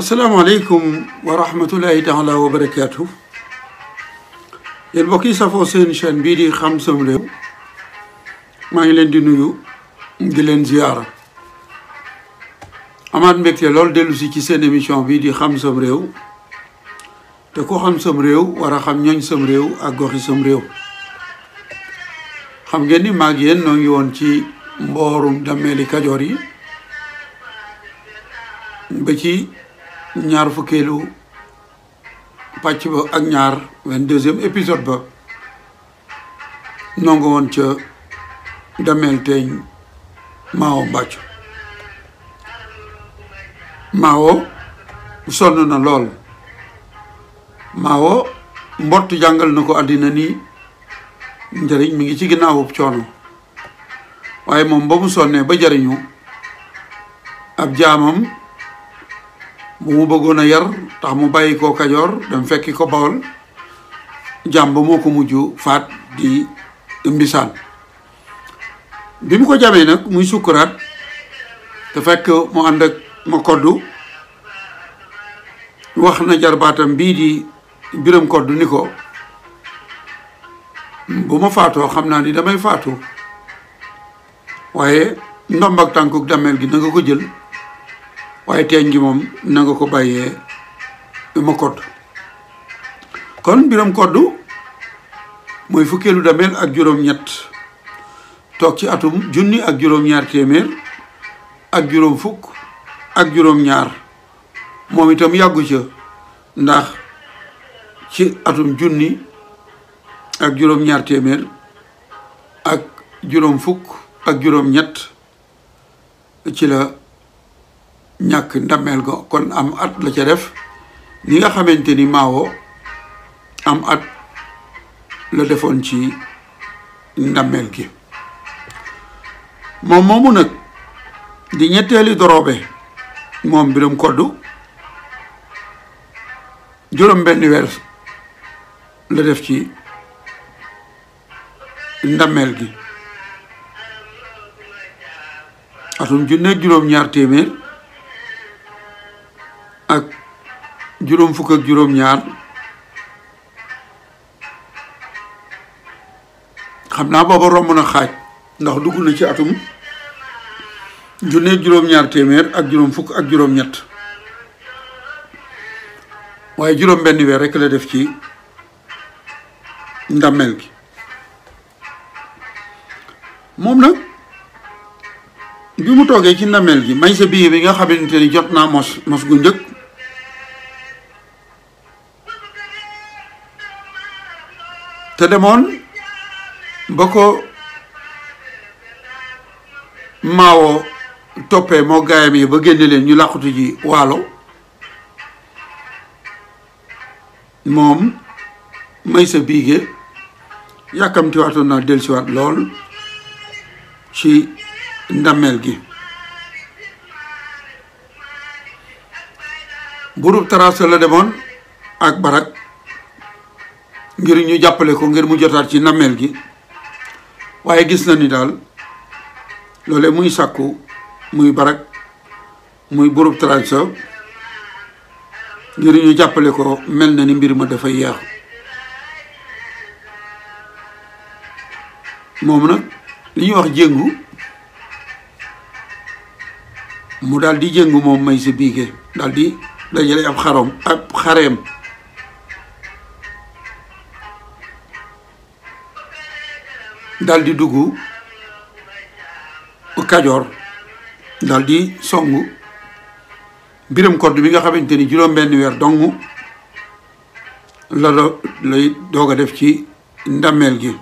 asalaamaaleykum wa rahmatullahi taala wa barakaatu yéen mbokk yi safoo seen chaîne bii di xam sam réew maa ngi leen di nuyu di leen ziyaara amaat mbégte lool dellu ci seen émission bii di xam sam réew te ko xam sam réew wara xam ñooñ sam réew ak goxi sam réew xam ngeen ni maag yéen noo ngi woon ci mboorum dammeeli kajoor yi ba ci ñaar fukkeelu pàcc ba ak ñaar vingt-deuxième épisode ba nongo woon ca dameel teeñ maawo mbàccu maawo sonn na lool maawo mbott jàngal na ko àddina ni njëriñ mu ngi ci ginnaawub coono waaye moom ba mu sonnee ba jariñu ab jaamam mu bëggoon a yar tax mu bàyyi ko kajoor dem fekki ko bawol jàmb moo ko mujj di mbisaan bi mu ko jamee nag muy sukkuraat te fekk mu ànd ak ma koddu wax na jarbaatam bii di biram koddu niko ko bu ma faatoo xam naa ni damay faatu waaye ndombak tànkuk dameel gi na nga ko jël waaye teeñ gi moom na ko bàyyee ma kodd kon mbiram koddu mooy fukkeelu dameel ak juróom-ñett toog ci atum junni ak juróom-ñaar téeméer ak juróom fukk ak juróom-ñaar moom itam yàggu ndax ci atum junni ak juróom-ñaar téeméer ak juróom fukk ak juróom-ñett ci la ñàkk ndameel ga kon am at la ca def li nga xamante ni maawo am at la defoon ci ndameel gi moom moomu nag di ñetteeli dorobe moom biram koddu juróom benn weer la def ci ndameel gi atum junneeg juróom ñaar téeméer ak juróom fukk ak juróom ñaar xam naa booba romb na xaaj ndax dugg na ci atum junne juróom ñaar téeméer ak juróom fukk ak juróom ñett waaye juróom benn weer rekk la def ci ndàmmel gi moom nag bi mu toogee ci ndàmmel gi may sa biir bi nga xamante ni jot naa mos mos gu njëkk te demoon ba ko maawoo toppee moo gaayam yi ba génne leen ñu làquti ji waalo moom may sa biige yàkkamtiwaatoon naa dellusiwaat lool ci ndameel gi burub taraasa la demoon ak barag ngir ñu jappalé ko ngir mu jotar ci namel gi waye gis na ni dal lolé muy sakku muy barak muy burup transo ngir ñu jappalé ko mel na ni mbir ma dafa yeex mom nak li wax jengu mu dal di jengu mom may ci dal di dajalé ab xarom ab xarem dal di dugg Kajoor dal di songu Biram Kodd bi nga xamante ni juróom-benn weer dong la lay doog def ci ndameel gi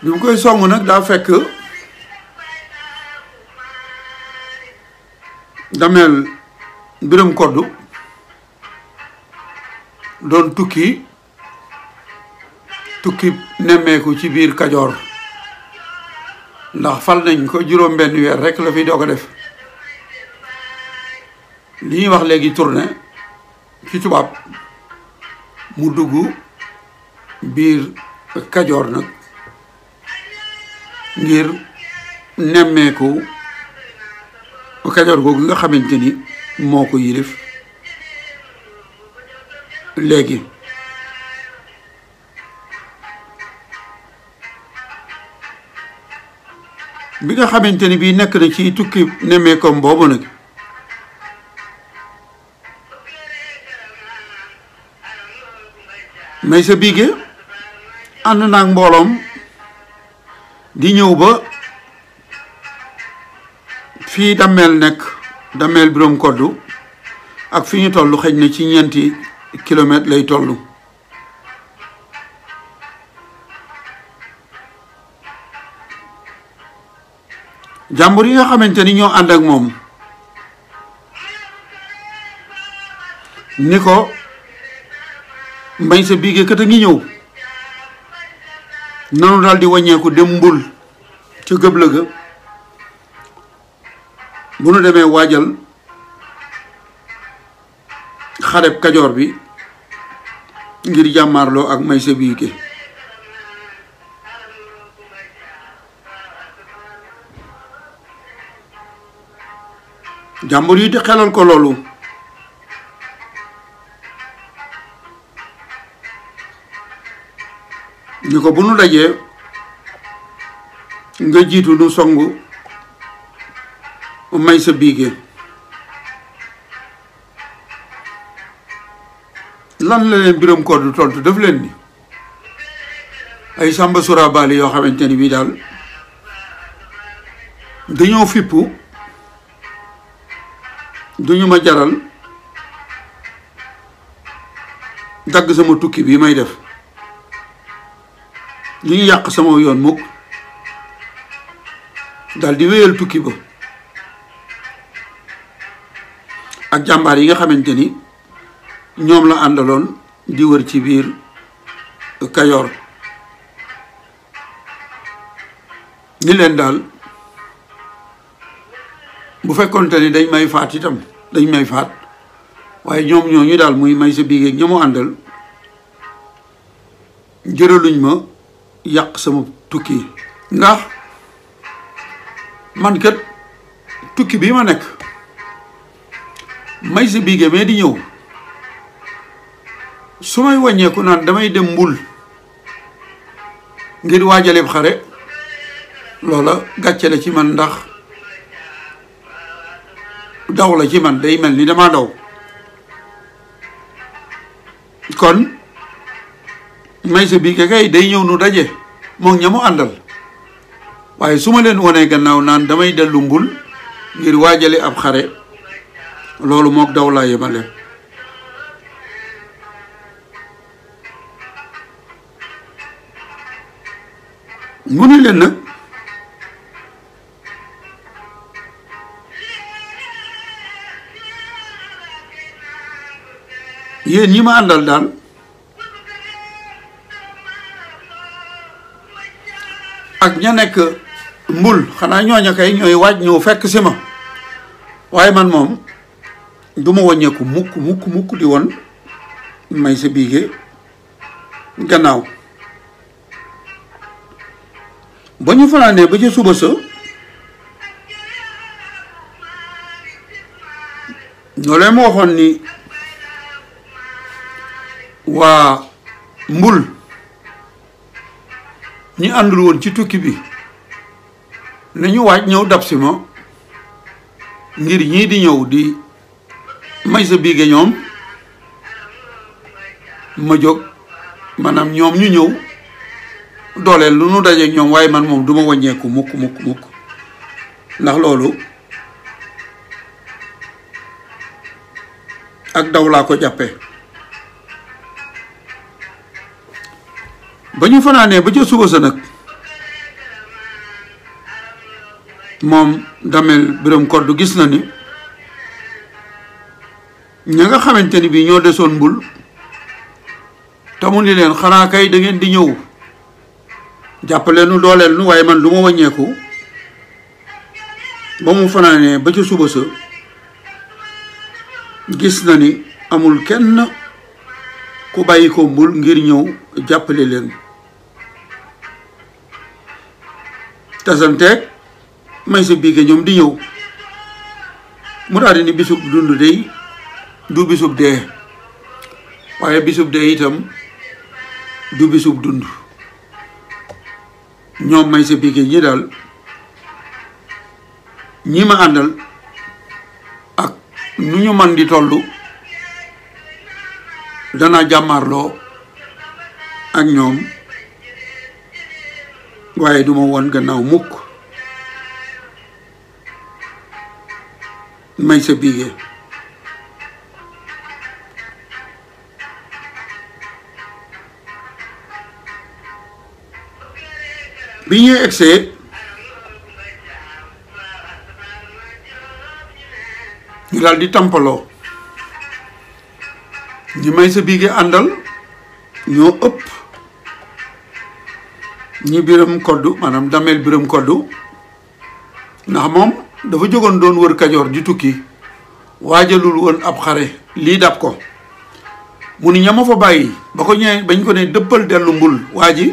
bi mu koy song nag daa fekk dameel Biram koddu doon tukki tukki nemmeeku ci biir Kajoor ndax fal nañ ko juróom benn weer rek la fi doog a def li ñuy wax léegi tournée ci tubaab mu dugg biir Kajoor nag ngir nemmeeku Kajoor googu nga xamante ni moo ko yilif léegi bi nga xamante ni bii nekk na ci tukki nemmeekom boobu nag may sa biige ànd naag mbooloom di ñëw ba fii dammeel nekk dammeel biroom koddu ak fi ñu tollu xëj na ci ñeenti kilomètre lay tollu jambour yi nga xamanteni ni ñoo ànd ak moom ni ko sa biige kata ngi ñëw nanu daal di wàññeeku dem mbul ca gëbla ga bu nu demee waajal xareb kajoor bi ngir jàmmaarloo ak Maysa Biége jàmbur yi di xelal ko loolu ni ko bu nu dajee nga jiitu nu songu Maysa Biége lan la leen Biram Koor du tontu daf leen ni ay Samba Surabaali yoo xamante ni bii daal dañoo fippu duñu ma jaral dagg sama tukki bi may def li ñu yàq sama yoon mukk daal di wéyal tukki ba ak jàmbaar yi nga xamante ni ñoom la àndaloon di wër ci biir Kayoor ni leen daal bu fekkonte ni dañ may faat itam dañ may faat waaye ñoom ñooñu daal muy may sa biigeeg ña mu àndal jëraluñ ma yàq sama tukki ndax man kat tukki bii ma nekk may sa biige mais di ñëw su may wàññeeku naan damay dem mbul ngir waajalib xare loola gàcce la ci man ndax daw la ci man day mel ni dama daw kon maysa bi kay day ñëw nu daje moom ñamu mu àndal waaye su ma leen wanee gannaaw naan damay dellu mbul ngir waajale ab xare loolu mook daw laa yemale mu ni leen nag yéen ñi ma àndal daal ak ña nekk mbul xanaa ñooña kay ñooy waaj ñëw fekk si ma waaye man moom du ma wàññeeku mukk mukk mukk di woon may sa biige gannaaw ba ñu fanaanee ba ca suba sa ñoo leen ma waxoon ni waa mbul ñi àndul woon ci tukki bi nañu waaj ñëw dab si ma ngir ñii di ñëw di may sa biige ñoom ma jóg maanaam ñoom ñu ñëw dole lu nu dajé ñom waaye man mom duma ma wàññeeku mukk mukk mukk ndax lolu ak daw la ko jappé bañu fana ba jëssu ko sa nak mom damel biram kodd gis na ni ña nga xamanteni bi bii ñoo desoon mbul tamu ni leen xanaa kay da ngeen di ñëw jàppale nu dooleel nu waaye man lu ma wàññeeku ba mu fanaanee ba ci suba sa gis na ni amul kenn ku bàyyi ko ngir ñëw jàppale leen tasanteeg may sa biige ñoom di ñëw mu daal di ni bisub dund dey du bisub dee waaye bisub dee itam du bisub dund ñoom may sa piqué ñi daal ñi ma àndal ak nu ñu man di toll danaa jàmmaarloo ak ñoom waaye duma woon gannaaw mukk may sa piqué bi ñuy ñu daal di tampaloo ñi may sa biige àndal ñoo ëpp ñi biram koddu maanaam dameel biram koddu ndax moom dafa jógoon doon wër kajoor di tukki waajalul woon ab xare lii dab ko mu ni ñama fa bàyyi ba ko ñee bañ ko ne dëppal dellu mbul waa ji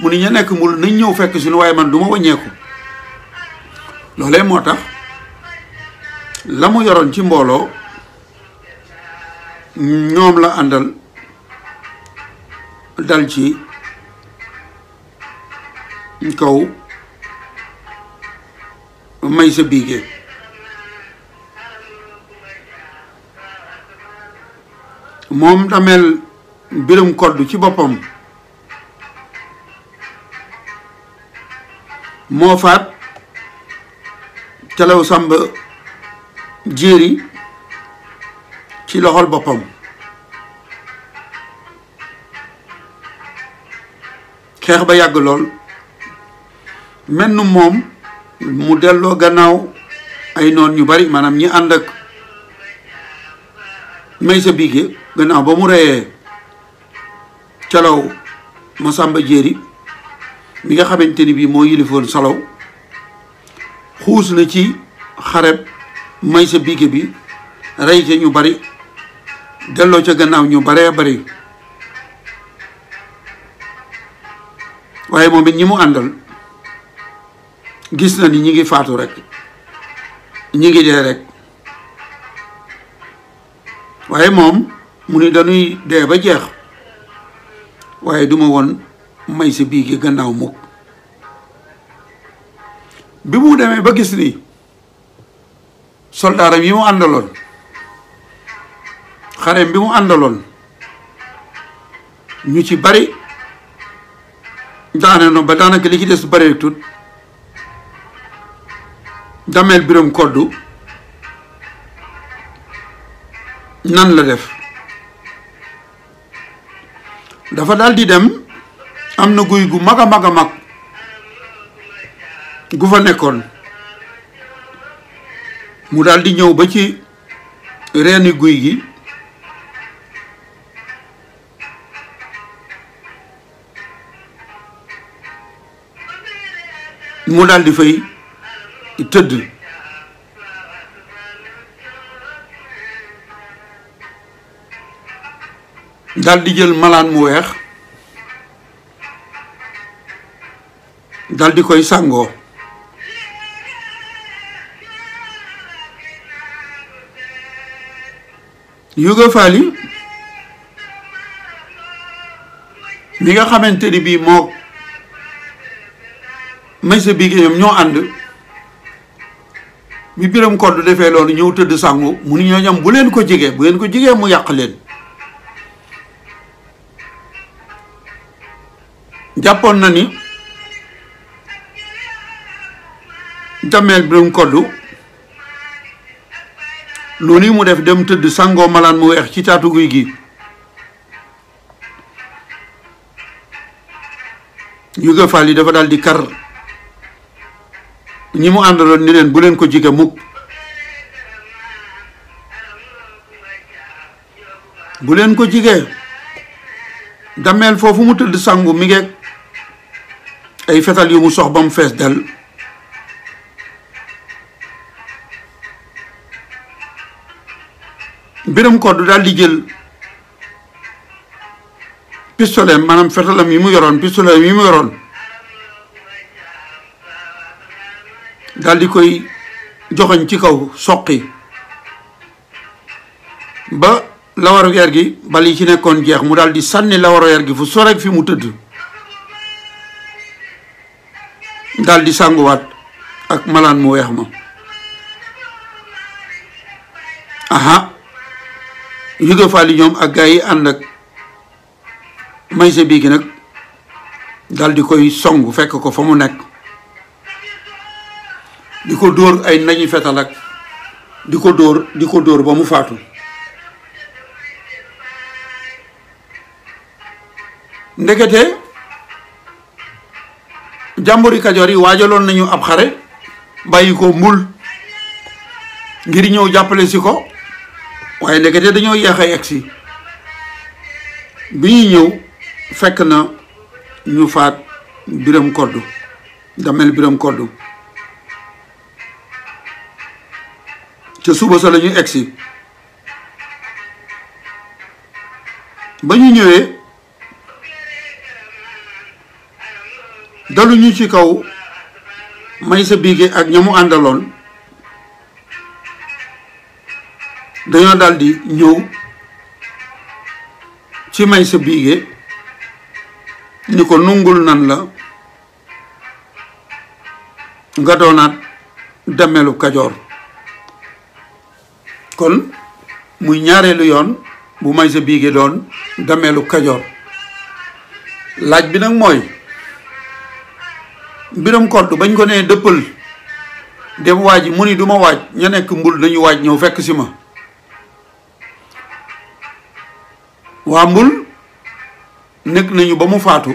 mu ni ña nekk mbul nañ ñëw fekk suñu waaye man du ma wàññeeku loolee moo tax lamu mu yoroon ci mbooloo ñoom la àndal dal ci kaw may sa biige moom dameel mbirum kodd ci boppam mofat telew samba jiri ci loxol bopam xex ba yag lool menn mom mu delloo gannaaw ay non ñu bari manam ñi and ak may sa bige gannaaw ba mu reye telew mo jiri mi nga xamanteni bi mo yilifoon salaw xuus na ci xareb may sa biige bi ray ci ñu bari delo ci gannaaw ñu bare bare waye momit ñi mu andal gis na ni ñi ngi faatu rek ñi ngi dee rek waye mom mu ni dañuy dee ba jeex waye duma won may si bii gi gannaaw mukk bi mu demee ba gis ni soldaaram yi mu àndaloon xareem bi mu àndaloon ñu ci bari daane no ba daanaka li ci des bari tut dameel biram koddu nan la def dafa daal di dem am na guy gu mag a mag a mag gu fa nekkoon mu daldi ñëw ba ci reeni guy gi mu daldi fay tëdd daal di jël malaan mu weex dal di koy sangoo Yuga Fali mi nga xamante ni bii moo maysa bi ñoom ñoo ànd bi biram kodd defee loolu ñëw tëdd sàngu mu ni ñooñam bu leen ko jigee bu leen ko jigee mu yàq leen jàppoon na ni damel bi mu koddu lu ni mu def dem tëdd sangoo malaan mu weex ci taatu guy gi yuga faal yi dafa daal di kar ñi mu àndaloon ni leen bu leen ko jige mukk bu leen ko jige damel foofu mu tëdd sangu mi ngeeg ay fetal yu mu sox ba mu fees ko du dal di jël pistolet manam fetalam yi mu yoron pistolet yi mu yoron dal di koy joxagn ci kaw soqi ba lawaru yar gi bal yi ci nekkon jeex mu dal di sànni lawaru yar gi fu sorek fi mu teud dal di wat ak malan mu wex ma aha Yuga Fall ñoom ak gars yi ànd ak Maysa bii gi nag dal di koy song fekk ko fa mu nekk di ko dóor ay nañu fetal ak di ko dóor di ko dóor ba mu faatu ndekete jàmburi kajoor yi waajaloon nañu ab xare bàyyi ko mbul ngir ñëw jàppale si ko waaye ndekete dañoo yeex a yegsi bi ñuy ñëw fekk na ñu faat biram koddu damel biram koddu ca suba sa la ñu egsi ba ñu ñëwee ñu ci kaw may sa biige ak ñamu àndaloon dañoo daldi di ñëw ci may sa biige ñu ko nungul nan la nga doonaat damelu kajoor kon muy ñaareelu yoon bu may sa biige doon damelu kajoor laaj bi nag mooy biram kodd bañ ko nee dëppal dem waaj mu ni du ma waaj ña nekk mbul nañu waaj ñëw fekk si ma waa mbul nekk nañu ba mu faatu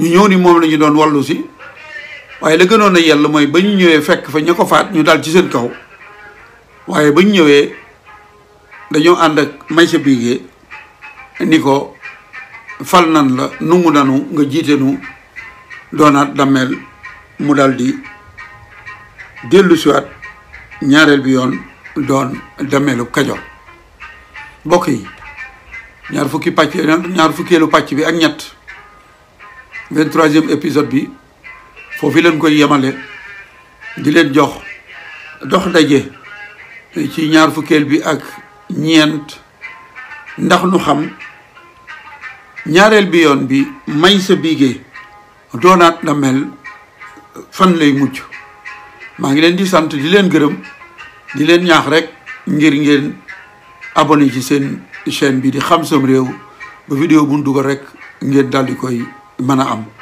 ñu ñëw ni moom lañu doon wallu waaye la gënoon a yell mooy ba ñu ñëwee fekk fa ña faat ñu dal ci seen kaw waaye ba ñu ñëwee dañoo ànd ak may sa biigee ni ko fal nan la nungu nanu nga jiite nu doonaat dammeel mu dal di dellu siwaat ñaareel bi yoon doon dammeelu kajo mbokk yi ñaar fukki pàcc ñaar fukkeelu pàcc bi ak ñett vingt-troisième épisode bi foofu leen koy yemale di leen jox dox daje ci ñaar fukkeel bi ak ñeent ndax nu xam ñaareel bi yoon bi may sa biigee doonaat na mel fan lay mujj maa ngi leen di sant di leen gërëm di leen ñaax rek ngir ngeen abonné ci seen chaîne bi di xam sam réew ba vidéo bu ñu rek ngeen daal di koy mën a am